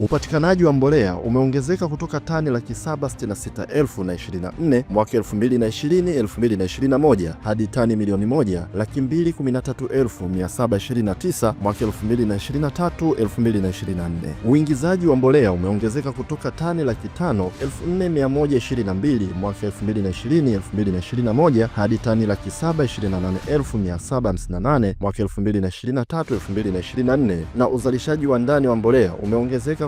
Upatikanaji wa mbolea umeongezeka kutoka tani laki saba sitini na sita elfu na ishirini na nne mwaka 2020 moja hadi tani milioni moja laki mbili kumi na tatu elfu mia saba ishirini na tisa mwaka 2023 2024. Uingizaji wa mbolea umeongezeka kutoka tani laki tano elfu nne mia moja ishirini na mbili mwaka 2020 moja hadi tani laki saba ishirini na nane elfu mia saba hamsini na nane mwaka 2023 2024 na uzalishaji wa ndani wa mbolea umeongezeka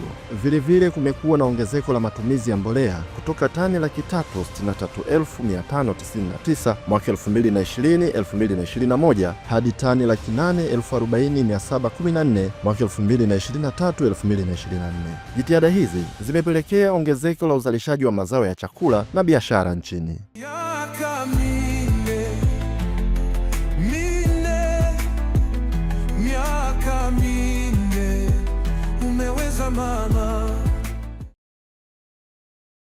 mifugo. Vilevile kumekuwa na ongezeko la matumizi ya mbolea kutoka tani laki tatu sitini na tatu elfu mia tano tisini na tisa mwaka 2020 2021 hadi tani laki nane elfu arobaini mia saba kumi na nne mwaka 2023 2024. Jitihada hizi zimepelekea ongezeko la uzalishaji wa mazao ya chakula na biashara nchini.